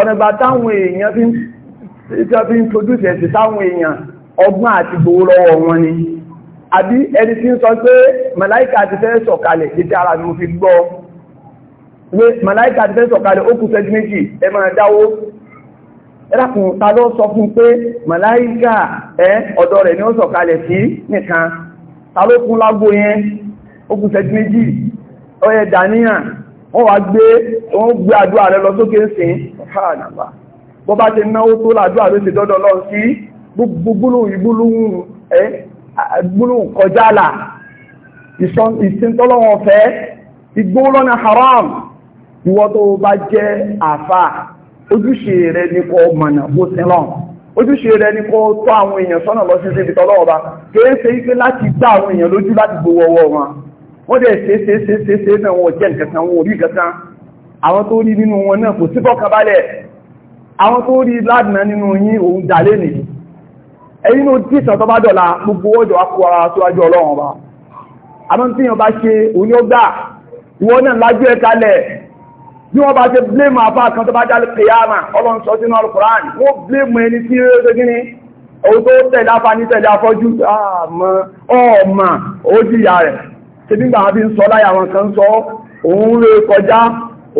ọ̀nàgbà táwọn èèyàn fi ń produce ẹ̀sì táwọn èèyàn ọgbọ́n àti gbowó lọ́wọ́ wọn ni àbí ẹni tí ń sọ pé màláìkà ti fẹ́ sọ̀kalẹ̀ títí ara mi fi gbọ́ pé màláìkà ti fẹ́ sọ̀kalẹ̀ ó kù sẹ́jú méjì ẹ máa dáwó ẹlákùn ta ló sọ fún pé màláìkà ẹ ọ̀dọ̀ rẹ̀ ni ó sọ̀kalẹ̀ sí nìkan ta ló kún lágbo yẹn ó kù sẹ́jú méjì ó dàníyàn wọ́n wá gbé wọ́n gbé àdúrà rẹ lọ sókè ń sìn ọ̀hánàbà bọ́ bá ti náwó tó làdúrà ló ti dọ́dọ̀ lọ sí gbúgbúrú kọjá là ìsìntọ́lọ́wọ́n fẹ́ ìgbóòlọ́nà haram ìwọ tó bá jẹ́ àfà ojúṣe rẹ ní kó mọ̀nà bó sílọ́n ojúṣe rẹ ní kó tọ́ àwọn èèyàn sọ́nà lọ sí ibi tọ́lọ́ọ̀bá kéré ṣe ipé láti gbá àwọn èèyàn lójú láti gbówọ́wọ́ wọn wọ́n dẹ̀ ṣe ṣe ṣe ṣe ṣe náà wọ́n jẹ́ nǹkan wọn orí kankan àwọn tó rí nínú wọn náà kò síbọ̀ kabalẹ̀ àwọn tó rí ládìnà nínú yín òun dalé nì ẹ̀yìn ló dí ìsàn tó bá dọ̀la gbogbo ọjọ́ akọ òun bí wọ́n bá ṣe blame apá kan tó bá jálẹ̀ pèyàmà ọlọ́run sọ sínú alukuran wọ́n blame ẹni tí ó ṣe gíní òun tó tẹ̀lé afáníṣẹ̀lẹ̀ afọ́jú àmọ́ ọmọ ó jìyà rẹ̀ tẹbí gbà bí ń sọ láyà àwọn kan sọ òun rẹ kọjá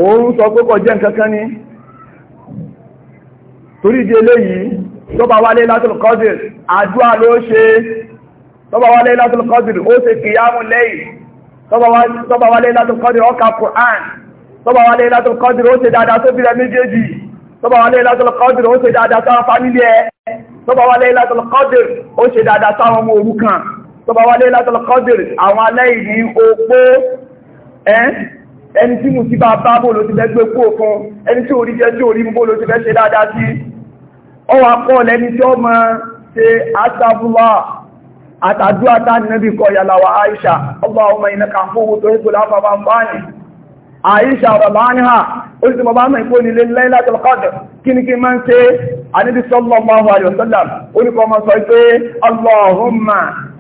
òun sọ pé kọjá nǹkankan ni torí ìdí eléyìí tó bá wálé látọ̀lù kọ́dìr àdúrà ló ṣe tó bá wálé látọ̀lù kọ́dìr ó ṣe kìyàmù lẹ́yìn tó bá wálé látọ̀lù kọ́dìr ó ka Qur'an tó bá wálé látọ̀lù kọ́dìr ó ṣe dáadáa tó bí tó bá wálé látọ̀lọ́ kọ́dìrì àwọn aláìní opó ẹni tí mú sí bá bá bó ló ti fẹ́ gbé kú òfun ẹni tí orí jẹ́ tí orí mú bó ló ti fẹ́ ṣe dáadáa sí ọwà pọ̀ lẹ́ni tí ó mọ ṣe àtàbùwà àtàdúrà tánàbí kọ yàlàwà Aisha Allahumma innaka afuwwun tuhibbul afwa fa'fu Aisha rọ̀bánihà ó sì bàbá mẹ́ ìpò nílé Laylatul ọmọ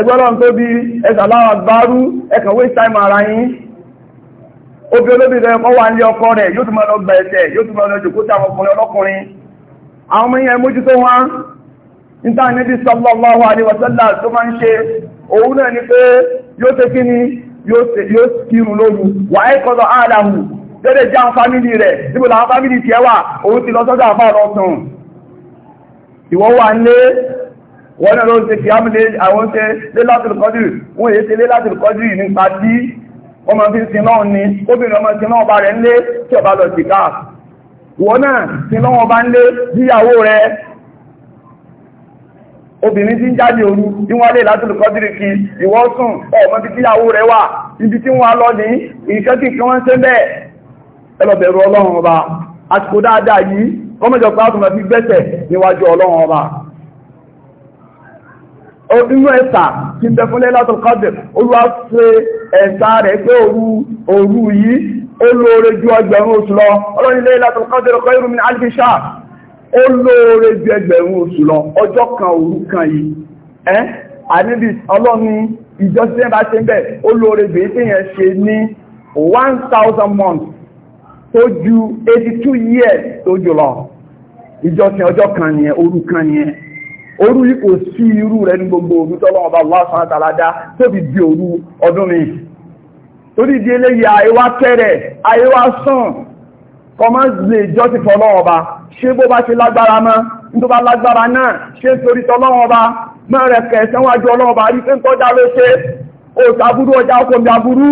ẹgbọ́lọ́n tó bí ẹsàláwà gbárú ẹkàn waste time ara yín obi olóbìnrin ọmọ wà ní ọkọ rẹ̀ yóò tún mọ́ lọ gbà ẹ̀tẹ̀ yóò tún mọ́ lọ jòkó tí àwọn ọkùnrin ọlọ́kùnrin àwọn ọmọ yẹn mójútó wọn níta níbi sallallahu alaihi wasallam tó máa ń ṣe òun náà ni pé yóò ṣe kí ni yóò kírun lóru wà á kọ́dọ̀ áàdàmù dédé jẹ́ àwọn fámìlì rẹ̀ níbo làwọn fámìlì tiẹ̀ wà òun ti lọ sọ́dọ̀ àfáà lọ́sùn ìwọ wà ń lé wọ́n náà ló ń ṣe kí ámìlé àwọn ṣe lé láti lùkọ́dù wọ́n èyí ṣe lé láti lùkọ́dù nípa tí wọ́n máa fi sin náà ni obìnrin ọmọ sin náà ọba rẹ̀ ńlé tí ọba lọ sí káà wọ́n náà sin náà ọba ńlé síyàwó rẹ̀ obìnrin tí ń jáde òru tí wọ́n lè láti lùkọ́dù kí ìwọ́ sùn ọmọ tí síyàwó rẹ̀ wà ibi tí wọ́n lọ ní ìṣẹ́kì kí wọ́n ṣe bẹ́ẹ̀ ẹlọ́bẹ̀rù ọlọ́run ọba àsìkò dáadáa yìí kọ́mọ̀jọ̀ inú ẹ̀sà tí ń bẹ fún Laylatul Qadr olúwa ṣe ẹ̀sà rẹ̀ pé òru yìí ó lóore ju ọgbẹ̀rún oṣù lọ ọlọ́ni Laylatul Qadr khayrun min alfi shahr ó lóore ju ẹgbẹ̀rún oṣù lọ ọjọ́ kan òru kan yìí ẹ́ àníbi ọlọ́ni ìjọsìn bá ṣe ń bẹ̀ ó lóore bèé tí yẹn ṣe ní 1000 months tó ju 82 years tó jù lọ ìjọsìn ọjọ́ kan nìyẹn òru kan nìyẹn òru yìí kò sí irú rẹ̀ ní gbogbo òru tọ́lọ́ ọba Allah subhanahu wa ta'ala dá tóbi di òru ọdún mi torí di eléyìí àìwá kẹrẹ̀ àìwá sàn kọmọ́ lè jọ́ ti fọ́lọ́ ọba ṣé bó bá ṣe lágbára mọ́ ní tó bá lágbára náà ṣe torí tọ́lọ́ ọba mẹ́rẹ̀ kẹsẹ́wájú ọlọ́ọba rí pé ń tọ́já ló ṣe òṣàbúrú ọjà ọkọ̀ mi àbúrú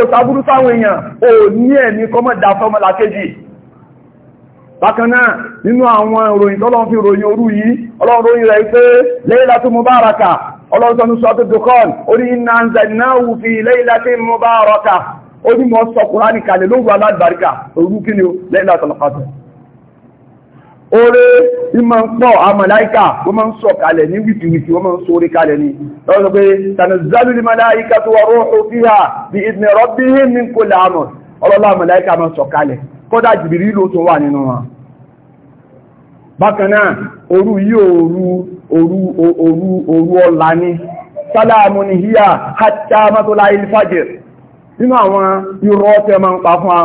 òṣàbúrú sáwọn èèyàn ò ní ẹ̀mí kọmọ́ dá fọ́mọ́ làkejì bákanáà nínú àwọn ìròyìn tọ́lọ́ fi ròyìn orú yìí ọlọ́ròyìn rẹ̀ pé Laylatul Mubaraka ọlọ́sọ́nù sọ́tọ̀ dùkọ́n orí iná ń zẹ̀ náà wù fi Laylatul Mubaraka ó ní mọ́ sọ Kùránì kalẹ̀ lóòrùn alábàríkà orú kí ni ó Laylatul Qadr oore ìmọ̀ ń pọ̀ àmàláìkà wọ́n máa ń sọ kalẹ̀ ní wìtìwìtì wọ́n máa ń kọ́dá jìbìrí ló tó wà nínú wọn bákanáà òru yí òru òru òru òru ọ̀la ní sálámù ní híyà hátà mọ́tọ́lá ilfàjẹ̀ nínú àwọn irọ́ tẹ ma ń pa fún a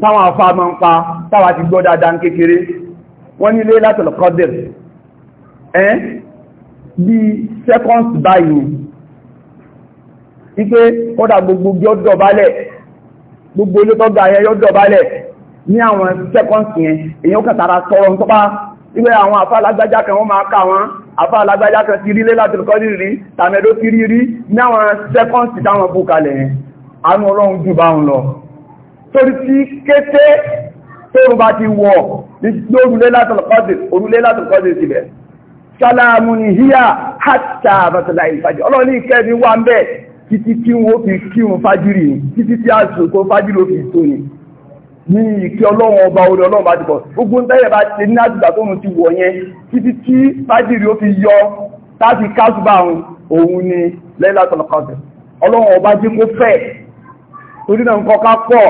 táwọn afá ma ń pa táwà ti gbọ́ dáadáa kékeré wọ́n ní lé látọ̀lọ̀ kọ́dẹ̀ ẹ́ bí seconds báyìí wípé kọ́dà gbogbo yọ́dọ̀ balẹ̀ gbogbo ilé tọ́gbà yẹn yọ́dọ̀ balẹ̀ ní àwọn sẹ́kọ́ǹsì yẹn èyàn kàtàrà sọ̀rọ̀ tó bá ìwé àwọn àfá alágbájá kan wọ́n máa ká wọn àfá alágbájá kan ti rí lé láti lùkọ́ rí rí tàmẹ́dó ti rí rí ní àwọn sẹ́kọ́ǹsì táwọn bú kalẹ̀ yẹn anú ọlọ́run jù bá ń lọ torí tí kété tóòrùn bá ti wọ̀ lórúlé láti lùkọ́ rí síbẹ̀ sálámù ní títí kí wọ́n fi kírun fájírì títí fi tó ni ní ìkẹ́ ọlọ́run ọba orí ọlọ́run bá ti bọ̀. gbogbo ń tẹ́yẹ̀ bá ti ní àtìgbà tó mú ti wọ̀ yẹn títí tí fájìrì ó fi yọ láti kásùbà òun ni Laylatul Qadr ọlọ́run ọba jí kó fẹ́ torí náà nǹkan ká pọ̀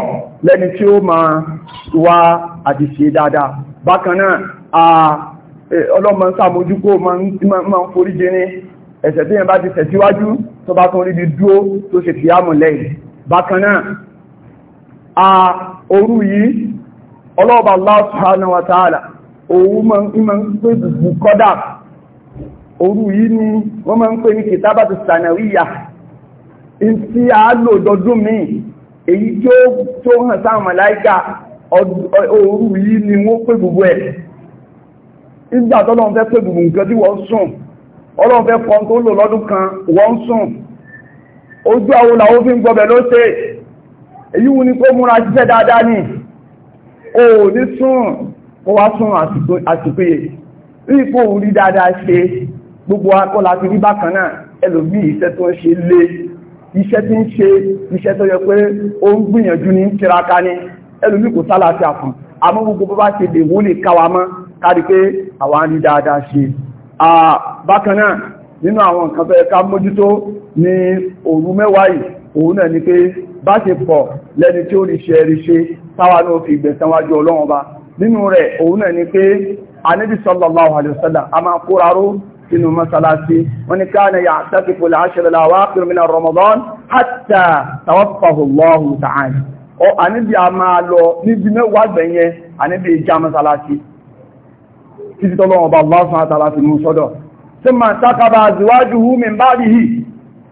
lẹ́ni tí ó máa wá ti tẹ̀síwájú tó bá tún rí bí dúó tó ṣe tìyàmù lẹ́yìn a oru yi ọlọ́ọ̀bà Allah subhanahu wa ta'ala òun ma ń pè bùbù kọ́dà òru ni wọ́n ma ń pè ní kìtàbàtì sànàríyà tí a lò dọdún mi èyí tí ó hàn sáà màláìkà oru yi ni wọ́n pè bùbù ẹ̀ ìgbà tọ́lọ́n fẹ́ pè bùbù nǹkan tí wọ́n sùn ọlọ́n fẹ́ kọ́ tó lò lọ́dún kan wọ́n sùn ojú àwọn làwọn fi ń gbọ́bẹ̀ ló èyí wù ní kó múra ṣiṣẹ́ dáadáa ní o ní sún kó wá sún àsìkòyè rí kó rí dáadáa ṣe gbogbo akọ́lá ti rí bákan náà ẹlòmí iṣẹ́ tó ń ṣe lé iṣẹ́ tí ń ṣe iṣẹ́ tó yẹ pé ó ń gbìyànjú ní tiraka ní ẹlòmí kò sálà sí àfún àmọ́ gbogbo bá ṣe lè wó lè káwa mọ́ kárí pé àwa rí dáadáa ṣe bákan náà nínú àwọn nǹkan fẹ́ ká mójútó ní òru mẹ́wàá yìí òun náà ni pé bá ṣe pọ̀ lẹ́ni tí ó rí ṣe rí ṣe táwa náà fi gbẹ̀san wájú ọlọ́run ba nínú rẹ̀ òun náà ni pé anábì sallallahu alaihi wasallam a máa kóra ró sínú masalasi wọ́n ni káàna yà àtàkìkò láṣẹ́lẹ̀ àwákìrì mìíràn Ramadan hátà tàwọ́fàhùlọ́hù ta'ala ọ àníbì a máa lọ níbi mẹ́wàá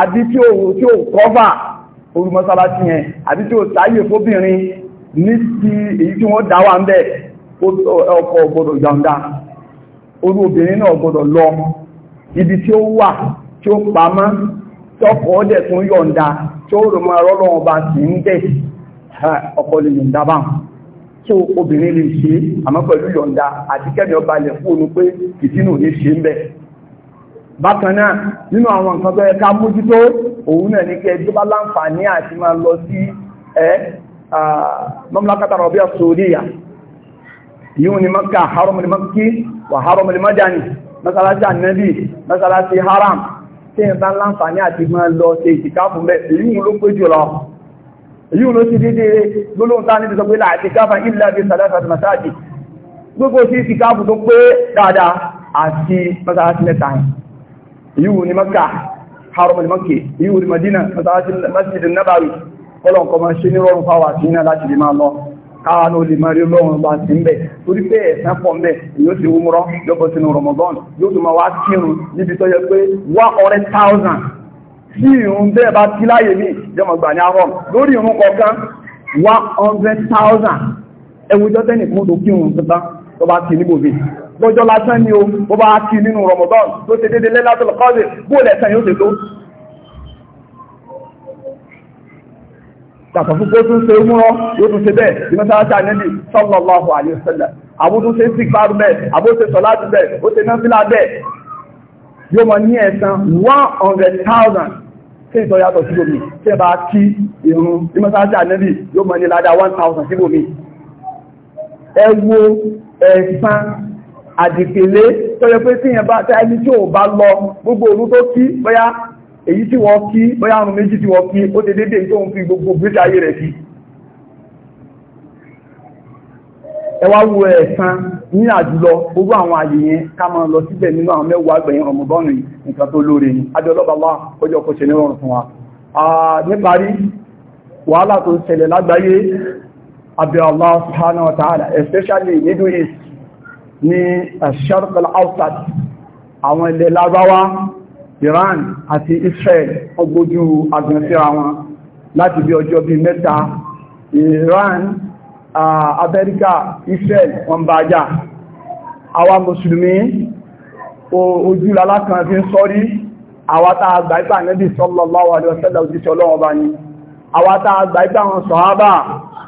àbí tí ò tí ò kọ́fà orí mọ́sálásí yẹn àbí tí ò sáyè fóbìnrin ní ti èyí tí wọ́n dá wà ń bẹ̀ ọkọ gbọ́dọ̀ yọ̀ǹda orí obìnrin náà gbọ́dọ̀ lọ ibi tí ó wà tí ó pamọ́ tọ́kọ̀ ọ́dẹ̀ tún yọ̀ǹda tí ó rọmọ ọlọ́run bákan náà nínú àwọn nǹkan tó yẹ ká mójútó òun náà ní kẹ́ ẹjọ́ bá láǹfààní àti máa lọ sí ẹ mamlakata Arabia yíò ni maka haram ni makki wà haram ni madani masalasi annabi masalasi haram tí ìbá láǹfààní àti máa lọ sí ìtìká fún bẹ́ èyí ló pé jù lọ èyí ló sì dédé gbólóhùn tánì ti sọ pé láti káfà gbogbo sí ìtìká tó pé dáadáa àti masalasi mẹ́ta yìí yíwu ní maka haram al-makki yíwu ní madina masjid nabawi kọlọ̀n kọmọ ṣe ní rọrùn fáwà sí iná láti lè máa lọ káwà náà lè máa rí lọ́rùn bá sí ń bẹ̀ torí pé ẹ̀sán pọ̀ ń bẹ̀ yóò ti wúmúrọ́ lọ́pọ̀ sínú Ramadan yóò tún máa wá kírun níbi tó yẹ pé 100,000 sí ìrùn bẹ́ẹ̀ bá kí láyé mi jọmọ̀ gbà ní arọ́m lórí ìrùn kọ̀ọ̀kan 100,000 ẹwùjọ́ tẹ́nìkún tó kírun tó bá tó bá kí níbòmí lọ́jọ́ lásán ni o bó bá kí nínú Ramadan tó ṣe dédé lẹ́látọ̀lọ́ kọ́ọ̀dẹ̀ bó lẹ́sàn yóò ṣe tó tàbí fún pé tún ṣe múrọ́ yóò tún ṣe bẹ́ẹ̀ iná sáájá nẹ́bí sallallahu alaihi wasallam àbútún ṣe sí gbárù bẹ́ẹ̀ àbútún ṣe sọ̀láàtì bẹ́ẹ̀ ó ṣe náà fílà bẹ́ẹ̀ yóò mọ̀ ní ẹ̀san 100,000 tí ìtọ́ yàtọ̀ síbòmí tí ẹ bá kí irun iná sáájá nẹ́bí yóò mọ̀ ní ládá 1,000 síbòmí ẹ wo ẹ̀sán àdìpèlé tó yẹ pé tíyẹn bá tẹ́ ẹni tí ò bá lọ gbogbo òru tó kí bóyá èyí tí wọ́n kí bóyá àrùn méjì tí wọ́n kí ó ti dédé tó ń fi gbogbo gbèsè ayé rẹ̀ kí ẹ wá wo ẹ̀sán ní àjùlọ gbogbo àwọn àyè yẹn ká máa lọ síbẹ̀ nínú àwọn mẹ́wàá gbẹ̀yìn ọmọbọ́nù nǹkan tó lóore ni adọ́lọ́bà wá ọjọ́ kò ṣe nírọ̀rùn fún wa níparí wàhálà tó ń ṣẹlẹ̀ lágbàáyé àbí Allah subhanahu wa ta'ala especially Middle East ní Sharq al-Awsat àwọn ilẹ̀ Lárúbáwá Iran àti Israel ọgbójú agbẹ̀nsíra wọn láti bí ọjọ́ bí mẹ́ta Iran Amẹ́ríkà Israel wọn bá jà àwa Mùsùlùmí ojú lalákan fi ń sọ́rí àwátá àgbàípà Nábì sallallahu alaihi wasallam òjíṣẹ́ ọlọ́wọ́ bá ní àwátá àgbàípà wọn sọ̀hábà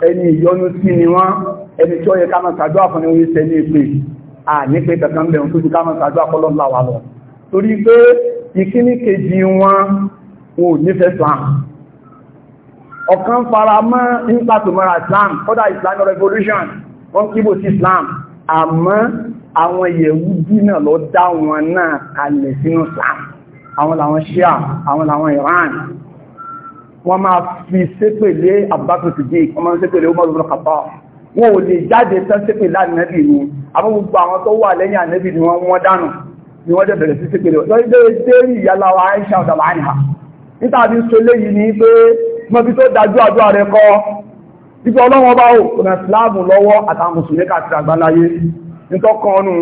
ẹni ìyọnu sí ni wọ́n ẹni tí ó yẹ ká máa ṣàdúrà fún ni wọ́n ṣe ní ìpè à ní pé kankan bẹ̀rù tó ju ká máa ṣàdúrà fọ́lọ́ ńlá wa lọ torí pé ìkíní kejì wọn wọn ò nífẹ̀ẹ́ sàn ọ̀kan fara mọ́ nípa tòmọ́ra Islam kọ́dà Islam revolution wọ́n kíbò sí Islam àmọ́ àwọn Yẹhudi náà lọ dá wọn náà kalẹ̀ sínú Islam àwọn làwọn Shia àwọn làwọn Iran wọ́n máa fi sépèlé Abubakar Siddiq wọ́n máa sépèlé Umar ibn Khattab wọn ò lè jáde tán sépèlé ànẹ́bì ni àmọ́ gbogbo àwọn tó wà lẹ́yìn ànẹ́bì ni wọ́n wọ́n dànù ni wọ́n dẹ̀ bẹ̀rẹ̀ sí sépèlé lórí dérí ìyálà wa Aisha ọ̀dàlá àyà níta bí so léyìí ni pé mọ́bí tó dájú àdúrà rẹ kọ́ ibi ọlọ́wọ́n bá ò kùnà Islam lọ́wọ́ àtàwọn mùsùlùmí kàkiri àgbáláyé nítọ́kọ́ ọ̀nù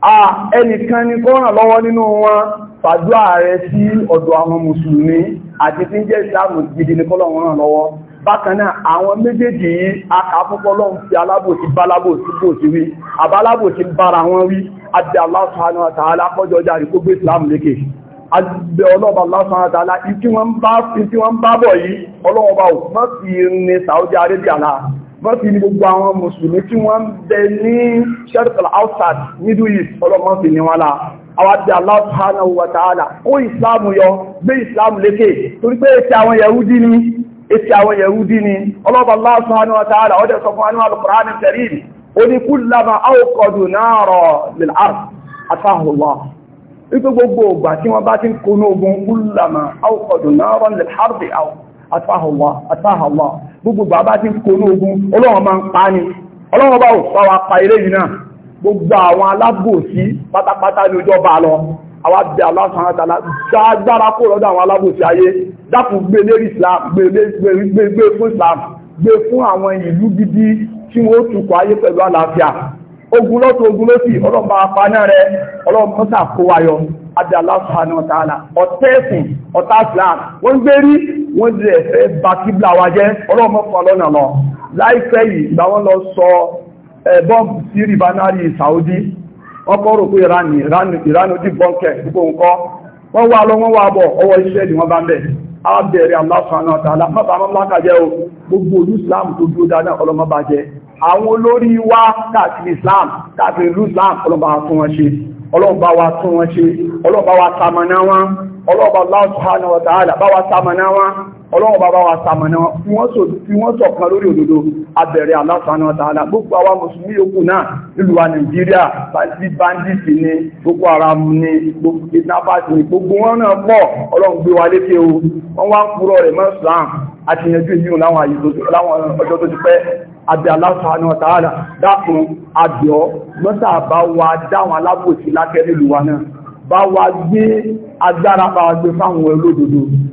ẹnìkan ni kó ràn lọ́wọ́ nínú wọn fàájú ààrẹ sí ọ̀dọ̀ àwọn mùsùlùmí àti tí ń jẹ́ ìsìláàmù gidi ní kọ́lọ̀wọ́ ràn lọ́wọ́ bákanáà àwọn méjèèjì yìí akàfúnpọ̀ lọ́n fi alábòsí balábòsí bò sí wí abalábòsí bára wọn wí àti Allah subhanahu wa ta'ala kọjọ járe kó gbé ìsìláàmù lékè àgbẹ̀ ọlọ́ọ̀bà Allah subhanahu wa ta'ala ìtí wọ́n bá bọ̀ yìí ọlọ́ọ̀bà ò mọ́ sí ní Saudi Arabia náà bọ́sí ní gbogbo àwọn mùsùlùmí tí wọ́n ń bẹ ní sharqal awsat middle east ọlọ́mọ́ sí ni wọ́n la àwọn àti Allah subhanahu wa ta'ala kó ìsìláàmù yọ gbé ìsìláàmù lékè torí pé ètì àwọn yahudi ni ètì àwọn yahudi ni ọlọ́ba Allah subhanahu wa ta'ala ọdẹ sọ fún anú al-Qur'an al-Karim ó ní kullama awqadu nara lil-ard gbogbo bàbá tí kónú ogun ọlọ́run máa ń pa ni ọlọ́run bá ò fáwa pa ilé yìí náà gbogbo àwọn alábòsí pátápátá ní ojú ọba lọ àwọn abẹ́ aláṣàn àtàlá dáadára kó lọ́dọ̀ àwọn alábòsí ayé dákùn gbé e lérí Islam gbé e e, fún Islam gbé fún àwọn ìlú gidi tí wọ́n tukọ̀ ayé pẹ̀lú àlàáfíà ogun lọ́tọ̀ ogun lọ́sì ọlọ́run bá pa náà rẹ ọlọ́run mọ́sà kó àbí Allah subhanahu wa ta'ala ọ̀tẹ́ẹ̀sìn ọ̀tá islam wọ́n gbé rí wọ́n jẹ́ ẹ̀fẹ́ bá kíblà wa jẹ́ ọlọ́mọ́fọ́lọ́nà lọ láìpẹ́ yìí ìgbà wọ́n lọ sọ bọ́ọ̀bù sí ribanari Saudi ọkọ̀ rò pé ìránù dì bọ́ǹkẹ̀ gbogbo nǹkan wọ́n wá lọ wọ́n wá bọ̀ ọwọ́ iṣẹ́ ni wọ́n bá ń bẹ̀ ábẹ̀rẹ̀ Allah subhanahu wa ta'ala mọ́bàá mọ́láka jẹ́ o gbogbo olú islam tó dúró dáadáa ọlọ́mọba jẹ́ àwọn olórí wa káàkiri islam káàkiri olú islam ọlọ́mọba fún wọn ṣe ọlọ́ọ̀bá wa tún wọn ṣe ọlọ́ọ̀bá wa tamọ̀ná wọn ọlọ́ọ̀bá Allah subhanahu wa ta'ala bá wa tamọ̀ná wọn ọlọ́wọ́ bàbá wa sàmọ̀nà tí wọ́n ṣọ̀kan lórí òdodo abẹ̀rẹ̀ aláṣánà tààlà gbogbo àwọn mùsùlùmí yòókù náà nílùú wa nàìjíríà bí bandits ni gbogbo ara mu ni gbogbo kidnappers ni gbogbo wọn náà pọ̀ ọlọ́run gbé wa lékè o wọ́n wá ń kúrò rẹ̀ mọ́ islam àti ìyẹnjú ìyún láwọn ọjọ́ tó ti pẹ́ náà bá wa gbé agbára bára gbé fáwọn olódodo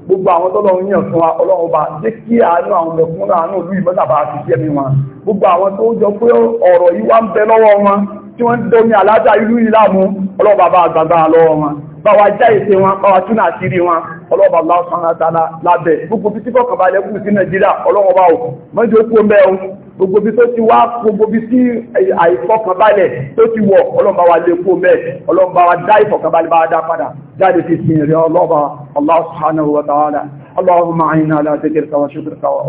gbogbo àwọn tọ́lọ́run yàn fún wa ọlọ́run bá jẹ́ kí àánú àwọn ọmọkùnrin àánú ìlú ìmọ́tàbà ti jẹ́ mi wọn gbogbo àwọn tó jọ pé ọ̀rọ̀ yìí wá ń bẹ lọ́wọ́ wọn tí wọ́n ń domi àlájá ìlú ìlàmú ọlọ́ọ̀bà bá àgbàgbà lọ́wọ́ wọn gbogbo bí tó ti wá gbogbo bí tí àìfọkànbalẹ̀ tó ti wọ̀ ọlọ́mbà wa lè kó mẹ́ ọlọ́mbà wa dá ìfọkànbalẹ̀ bá dá padà jáde fi sin rẹ̀ ọlọ́ba Allah subhanahu wa ta'ala Allahumma a'inna ala dhikrika wa shukrika wa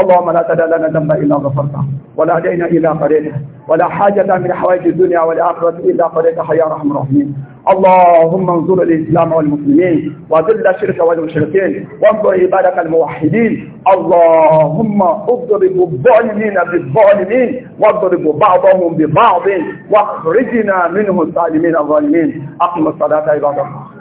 اللهم لا تدع لنا ذنبا الا غفرته ولا دينا الا قضيته ولا حاجة من حوائج الدنيا والآخرة الا قضيتها يا رحم الراحمين اللهم انصر الإسلام والمسلمين وذل الشرك والمشركين وانصر عبادك الموحدين اللهم اضرب الظالمين بالظالمين واضرب بعضهم ببعض واخرجنا منهم سالمين الظالمين اقم الصلاه عباد الله